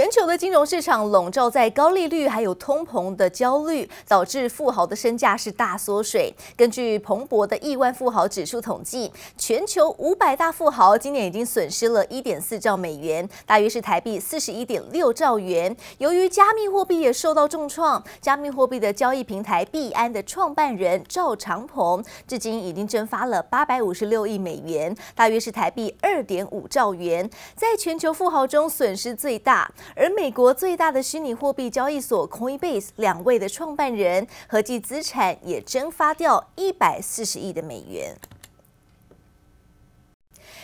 全球的金融市場籠罩在高利率還有通膨的焦慮，導致富豪的身價是大縮水。根據彭博的億萬富豪指數統計，全球五百大富豪今年已經損失了一點四兆美元，大約是台幣四十一點六兆元。由於加密貨幣也受到重創，加密貨幣的交易平台幣安的創辦人趙長鵬，至今已經蒸發了八百五十六億美元，大約是台幣二點五兆元，在全球富豪中損失最大。而美國最大的虛擬貨幣交易所 Coinbase 兩位的創辦人，合計資產也蒸發掉一百四十億的美元。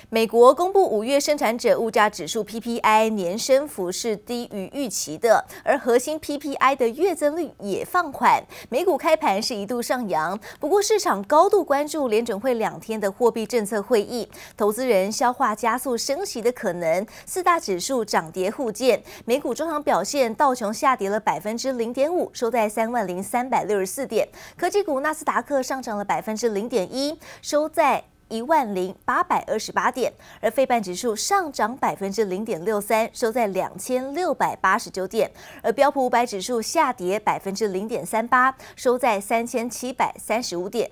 美國公布五月生產者物價指數 PPI 年升幅是低於預期的，而核心 PPI 的月增率也放緩。美股開盤是一度上揚，不過市場高度關注聯準會兩天的貨幣政策會議，投資人消化加速升息的可能。四大指數漲跌互見，美股中場表現，道瓊下跌了百分之零點五，收在三萬零三百六十四點；科技股納斯達克上漲了百分之零點一，收在一萬零八百二十八點，而費半指數上漲百分之零點六三，收在兩千六百八十九點，而標普五百指數下跌百分之零點三八，收在三千七百三十五點。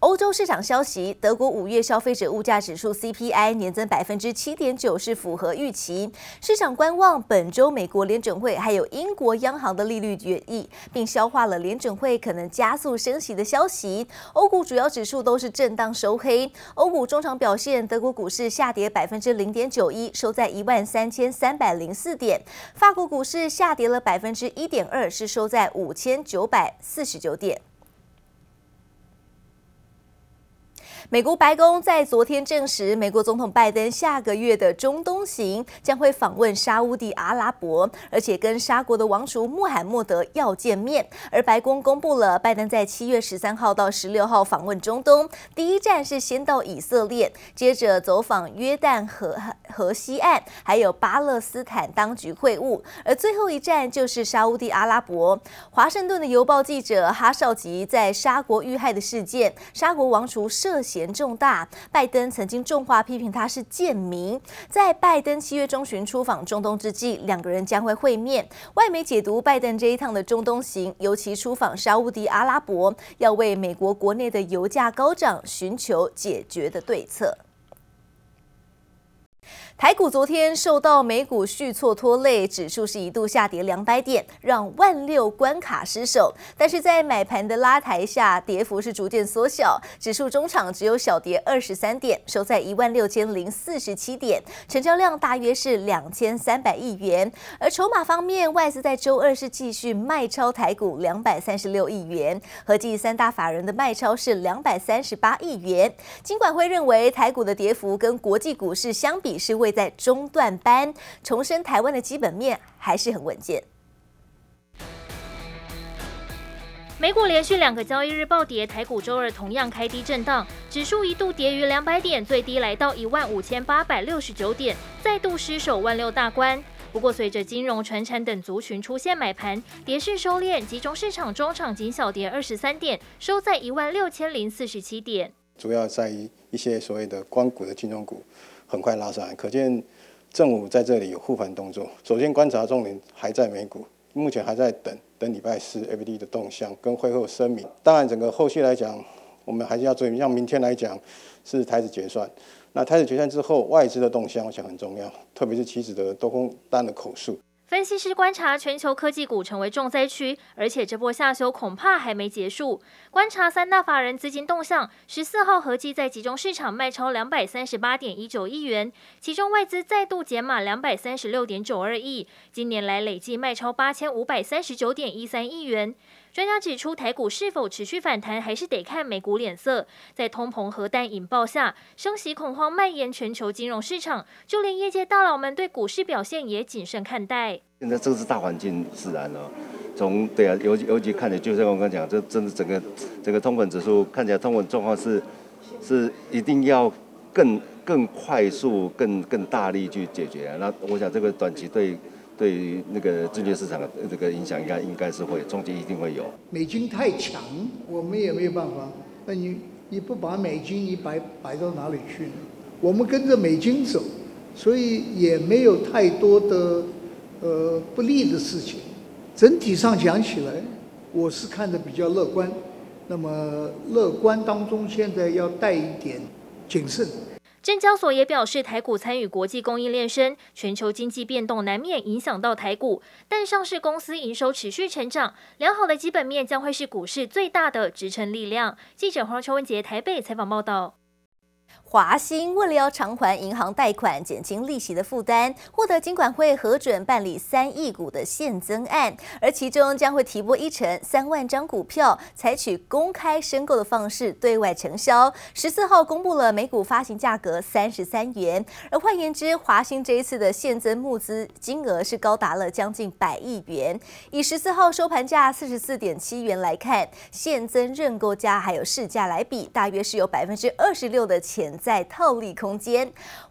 歐洲市場消息，德國五月消費者物價指數 CPI 年增百分之七點九，是符合預期。市場觀望本週美國聯準會還有英國央行的利率決議，並消化了聯準會可能加速升息的消息。歐股主要指數都是震盪收黑。歐股中場表現，德國股市下跌百分之零點九一，收在一萬三千三百零四點。法國股市下跌了百分之一點二，是收在五千九百四十九點。美國白宮在昨天證實，美國總統拜登下個月的中東行將會訪問沙烏地阿拉伯，而且跟沙國的王儲穆罕默德要見面。而白宮公布了拜登在七月十三號到十六號訪問中東，第一站是先到以色列，接着走訪約旦河河西岸，還有巴勒斯坦當局會晤，而最後一站就是沙烏地阿拉伯。華盛頓的郵報記者哈紹吉在沙國遇害的事件，沙國王儲涉嫌嚴重大，拜登曾經重話批評他是賤民。在拜登七月中旬出訪中東之際，兩個人將會會面。外媒解讀拜登這一趟的中東行，尤其出訪沙烏地阿拉伯，要為美國國內的油價高漲尋求解決的對策。台股昨天受到美股續挫拖累，指數是一度下跌兩百點，讓萬六關卡失守。但是在買盤的拉抬下，跌幅是逐漸縮小。指數終場只有小跌二十三點，收在一萬六千零四十七點，成交量大約是兩千三百億元。而籌碼方面，外資在週二是繼續賣超台股兩百三十六億元，合計三大法人的賣超是兩百三十八億元。金管會認為台股的跌幅跟國際股市相比是未，在中段班，重申台灣的基本面還是很穩健。美股連續兩個交易日暴跌，台股周二同樣開低震盪，指數一度跌逾兩百點，最低來到一萬五千八百六十九點，再度失守萬六大關。不過，隨着金融、傳產等族群出現買盤，跌勢收斂，集中市場中場僅小跌二十三點，收在一萬六千零四十七點。主要在於一些所謂的光股的金融股。很快拉上來，可見政府在這裡有護盤動作。首先觀察重點還在美股，目前還在等等禮拜四 Fed 的動向跟會後聲明。當然，整個後續來講，我們還是要注意，像明天來講是台指結算，那台指結算之後外資的動向，我想很重要，特別是期指的多空單的口數。分析師觀察，全球科技股成為重災區，而且這波下修恐怕還沒結束。觀察三大法人資金動向，十四號合計在集中市場賣超兩百三十八點一九億元，其中外資再度減碼兩百三十六點九二億，今年來累計賣超八千五百三十九點一三億元。專家指出，台股是否持續反彈，還是得看美股臉色。在通膨核彈引爆下，升息恐慌蔓延全球金融市場，就連業界大佬們對股市表現也謹慎看待。現在正是大環境自然了、哦，從對啊，尤其尤其看起就像我剛講，這真的整個整個通膨指數看起來通膨狀況是是一定要更更快速、更更大力去解決、啊。那我想這個短期對對於那個證券市場的這個影響應該應該是會，中間一定會有。美金太強，我們也沒有辦法。那你你不把美金你擺擺到哪裡去呢？我們跟着美金走，所以也沒有太多的。呃，不利的事情，整體上講起來，我是看得比較樂觀。那麼，樂觀當中現在要帶一點謹慎。證交所也表示，台股參與國際供應鏈深，全球經濟變動難免影響到台股，但上市公司營收持續成長，良好的基本面將會是股市最大的支撐力量。記者黃秋文杰台北採訪報道。華興為了要償還銀行貸款，減輕利息的負擔，獲得金管會核准辦理三億股的現增案，而其中將會提撥一成三萬張股票，採取公開申購的方式對外承銷。十四號公布了每股發行價格三十三元，而換言之，華興這一次的現增募資金額是高達了將近百億元。以十四號收盤價四十四點七元來看，現增認購價還有市價來比，大約是有百分之二十六的錢。在套利空間。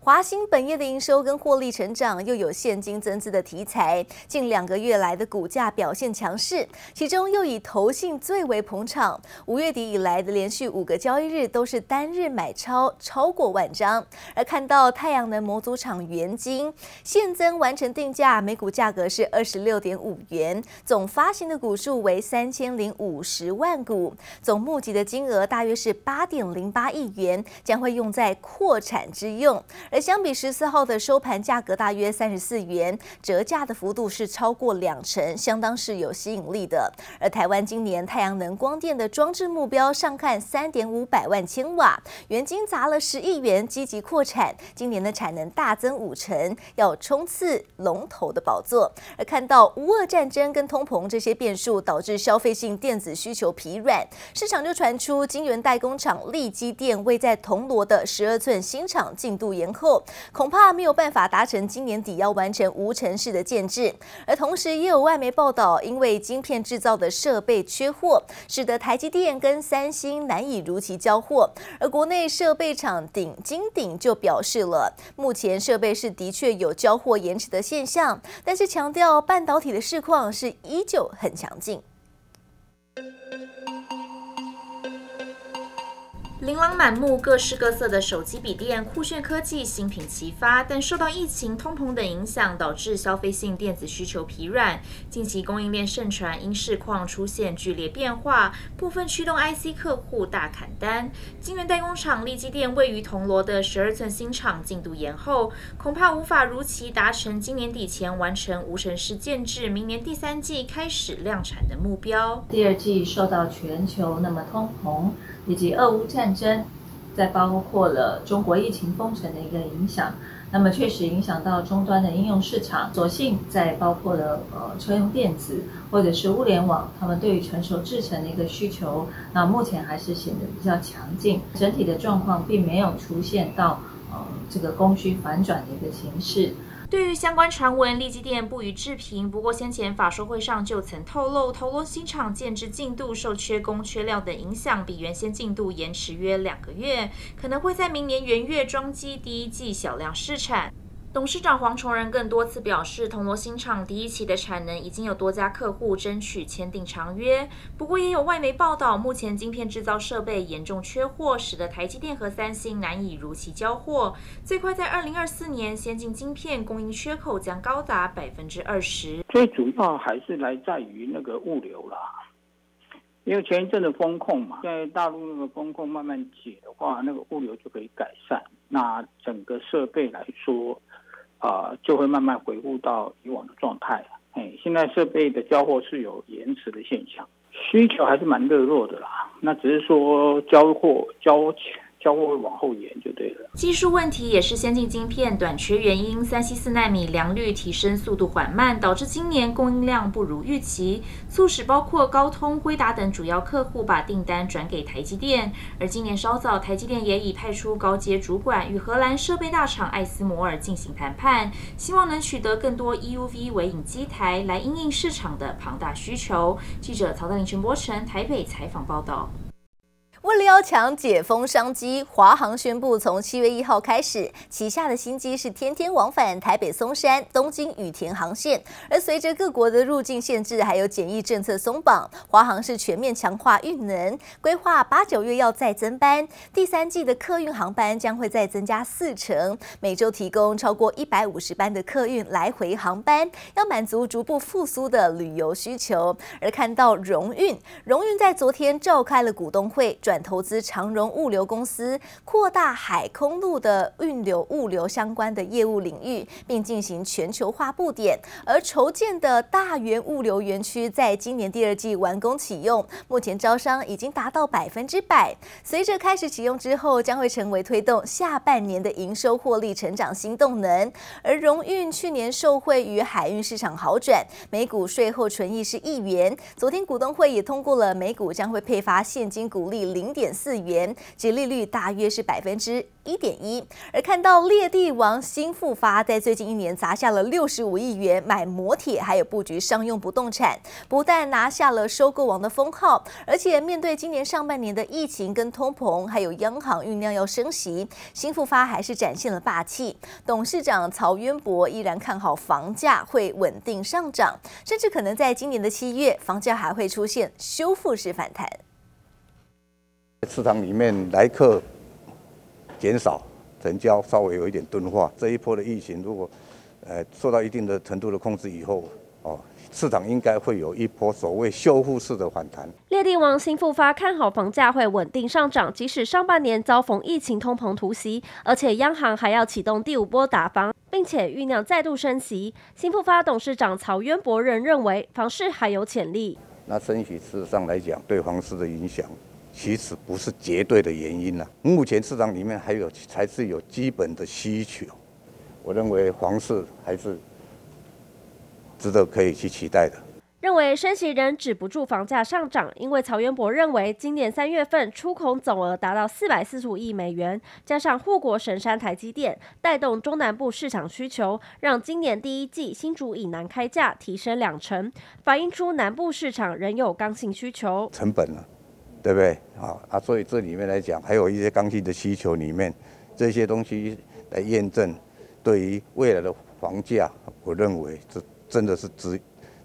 華興本業的營收跟獲利成長，又有現金增資的題材，近兩個月來的股價表現強勢，其中又以投信最為捧場。五月底以來的連續五個交易日都是單日買超超過萬張。而看到太陽能模組廠元晶現增完成定價，每股價格是二十六點五元，總發行的股數為三千零五十萬股，總募集的金額大約是八點零八億元，將會用在擴產之用。而相比十四號的收盤價格大約三十四元，折價的幅度是超過兩成，相當是有吸引力的。而台灣今年太陽能光電的裝置目標上看三點五百萬千瓦，元晶砸了十億元，積極擴產，今年的產能大增五成，要衝刺龍頭的寶座。而看到烏俄戰爭跟通膨這些變數，導致消費性電子需求疲軟，市場就傳出晶圓代工廠力積電位在銅鑼的十二寸新廠進度延。後，恐怕沒有辦法達成今年底要完成無塵室的建置。而同時也有外媒報道，因為晶片制造的設備缺貨，使得台積電跟三星難以如期交貨。而國內設備廠頂金頂就表示了，目前設備是的確有交貨延遲的現象，但是強調半導體的市況是依舊很強勁。琳琅滿目、各式各色的手機筆電，酷炫科技新品齊發，但受到疫情、通膨等影響，導致消費性電子需求疲軟。近期供應鏈盛傳，因市況出現劇烈變化，部分驅動 IC 客戶大砍單。晶圓代工廠力積電位於銅鑼的十二寸新廠進度延後，恐怕無法如期達成今年底前完成無塵室建置、明年第三季開始量產的目標。第二季受到全球那麼通膨。以及俄烏戰爭，再包括了中國疫情封城的一個影響，那麼確實影響到終端的應用市場。所幸，在包括了呃車用電子或者是物聯網，他們對於成熟製程的一個需求，那目前還是顯得比較強勁。整體的狀況並沒有出現到呃這個供需反轉的一個形勢。對於相關傳聞，力積電不予置評。不過，先前法說會上就曾透露，銅鑼新廠建置進度受缺工缺料等影響，比原先進度延遲約兩個月，可能會在明年元月裝機第一季小量試產。董事長黃崇仁更多次表示，銅鑼新廠第一期的產能已經有多家客戶爭取簽訂長約。不過，也有外媒報道，目前晶片製造設備嚴重缺貨，使得台積電和三星難以如期交貨。最快在二零二四年，先進晶片供應缺口將高達百分之二十。最主要還是來在於那個物流啦，因為前一陣的封控嘛，現在大陸那個封控慢慢解的話，那個物流就可以改善。那整個設備來說，啊、呃，就會慢慢恢復到以往的狀態了。哎，現在設備的交貨是有延遲的現象，需求還是蠻熱絡的啦。那只是說交貨交錢。稍微會往後延就對了。技術問題也是先進晶片短缺原因，三七四納米良率提升速度緩慢，導致今年供應量不如預期，促使包括高通、輝達等主要客戶把訂單轉給台積電。而今年稍早，台積電也已派出高階主管與荷蘭設備大廠艾斯摩爾進行談判，希望能取得更多 EUV 微影機台來應應市場的龐大需求。記者曹大林、陳柏成台北採訪報道。為了要搶解封商機，華航宣布從七月一號開始，旗下的新機是天天往返台北松山、東京羽田航線。而隨着各國的入境限制還有檢疫政策鬆綁，華航是全面強化運能，規劃八九月要再增班。第三季的客運航班將會再增加四成，每周提供超過一百五十班的客運來回航班，要滿足逐步復甦的旅遊需求。而看到榮運，榮運在昨天召開了股東會。轉投資長榮物流公司，擴大海空路的運流物流相關的業務領域，並進行全球化佈點。而籌建的大園物流園區，在今年第二季完工啟用，目前招商已經達到百分之百。隨着開始啟用之後，將會成為推動下半年的營收獲利成長新動能。而榮運去年受惠於海運市場好轉，每股稅後純益是一元。昨天股東會也通過了每股將會配發現金股利零點四元，殖利率大約是百分之一點一。而看到獵地王新復發，在最近一年砸下了六十五億元買摩鐵，還有布局商用不動產，不但拿下了收購王的封號，而且面對今年上半年的疫情、跟通膨，還有央行醞釀，釀要升息，新復發還是展現了霸氣。董事長曹淵博依然看好房價會穩定上漲，甚至可能在今年的七月，房價還會出現修復式反彈。市場裡面來客減少，成交稍微有一點鈍化。這一波的疫情如果，呃，受到一定的程度的控制以後，哦，市場應該會有一波所謂修復式的反彈。獵地王興富發看好房價會穩定上漲，即使上半年遭逢疫情、通膨突襲，而且央行還要啟動第五波打房，並且醞釀再度升息。興富發董事長曹淵博仍認為，房市還有潛力。那升息事實上來講，對房市的影響。其實不是絕對的原因了、啊。目前市場裡面還有，才是有基本的需求。我認為房市還是值得可以去期待的。認為升息仍止不住房價上漲，因為曹元博認為，今年三月份出口總額達到四百四十五億美元，加上護國神山台積電帶動中南部市場需求，讓今年第一季新竹以南開價提升兩成，反映出南部市場仍有剛性需求。成本呢、啊。對不對？啊啊，所以這裡面來講，還有一些剛性的需求裡面，這些東西來驗證，對於未來的房價，我認為這真的是值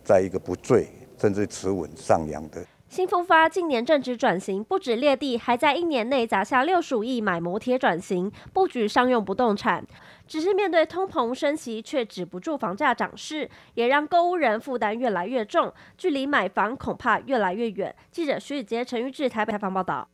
在一個不墜，甚至持穩上揚的。興富發近年正值轉型，不止獵地，還在一年內砸下六十五億買摩鐵轉型，布局商用不動產。只是面對通膨升息，卻止不住房價漲勢，也讓購屋人負擔越來越重，距離買房恐怕越來越遠。記者徐宇杰、陳玉志台北采訪報道。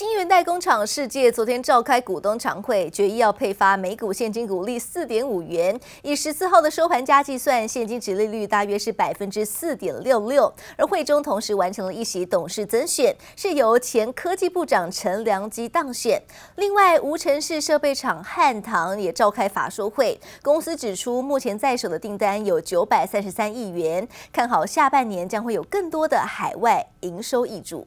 晶圓代工廠世界昨天召開股東常會，決議要配發每股現金股利四點五元，以十四號的收盤價計算，現金殖利率大約是百分之四點六六。而會中同時完成了一席董事增選，是由前科技部長陳良基當選。另外，無塵室設備廠漢唐也召開法說會，公司指出目前在手的訂單有九百三十三億元，看好下半年將會有更多的海外營收挹注。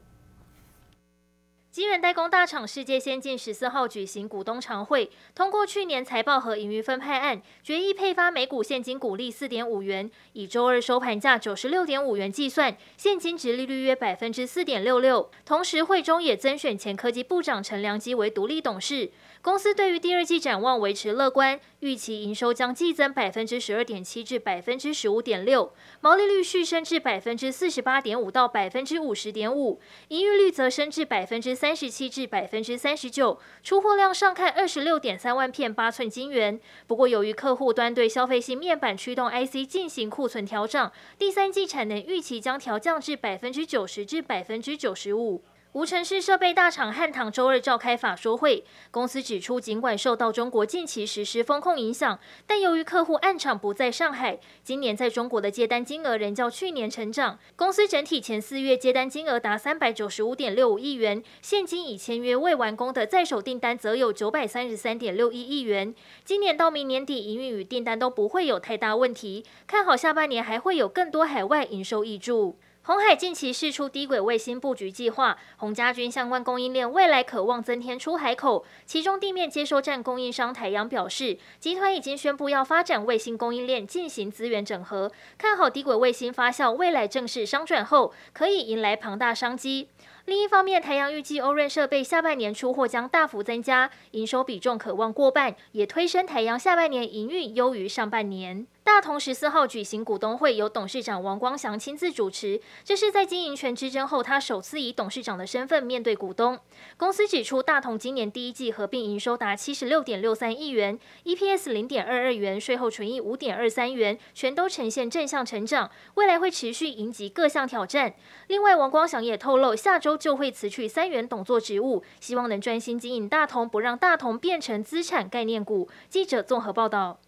晶圓代工大廠世界先進十四號舉行股東常會，通過去年財報和盈餘分派案決議，配發每股現金股利四點五元，以週二收盤價九十六點五元計算，現金殖利率約百分之四點六六。同時，會中也增選前科技部長陳良基為獨立董事。公司對於第二季展望維持樂觀，預期營收將季增百分之十二點七至百分之十五點六，毛利率續升至百分之四十八點五到百分之五十點五，盈餘率則升至百分之。三十七至百分之三十九，出貨量上看二十六點三萬片八寸晶圓。不過，由於客戶端對消費性面板驅動 IC 進行庫存調整，第三季產能預期將調降至百分之九十至百分之九十五。無塵室設備大廠漢唐周二召開法說會，公司指出，儘管受到中國近期實施封控影響，但由於客戶案場不在上海，今年在中國的接單金額仍較去年成長。公司整體前四月接單金額達三百九十五點六五億元，現今已簽約未完工的在手訂單則有九百三十三點六一億元。今年到明年底營運與訂單都不會有太大問題，看好下半年還會有更多海外營收挹注。鴻海近期釋出低軌衛星布局計劃，鴻家軍相關供應鏈未來可望增添出海口，其中地面接收站供應商台揚表示，集團已經宣佈要發展衛星供應鏈，進行資源整合，看好低軌衛星發酵未來正式商轉後，可以迎來龐大商機。另一方面，台揚預計 O-RAN 設備下半年出貨將大幅增加營收比重，可望過半，也推升台揚下半年營運優於上半年。大同十四號舉行股東會，由董事長王光祥親自主持。這是在經營權之爭後，他首次以董事長的身份面對股東。公司指出，大同今年第一季合併營收達七十六點六三億元，EPS 零點二二元，稅後純益五點二三元，全都呈現正向成長，未來會持續迎擊各項挑戰。另外，王光祥也透露，下周就會辭去三元董座職務，希望能專心經營大同，不讓大同變成資產概念股。記者綜合報道。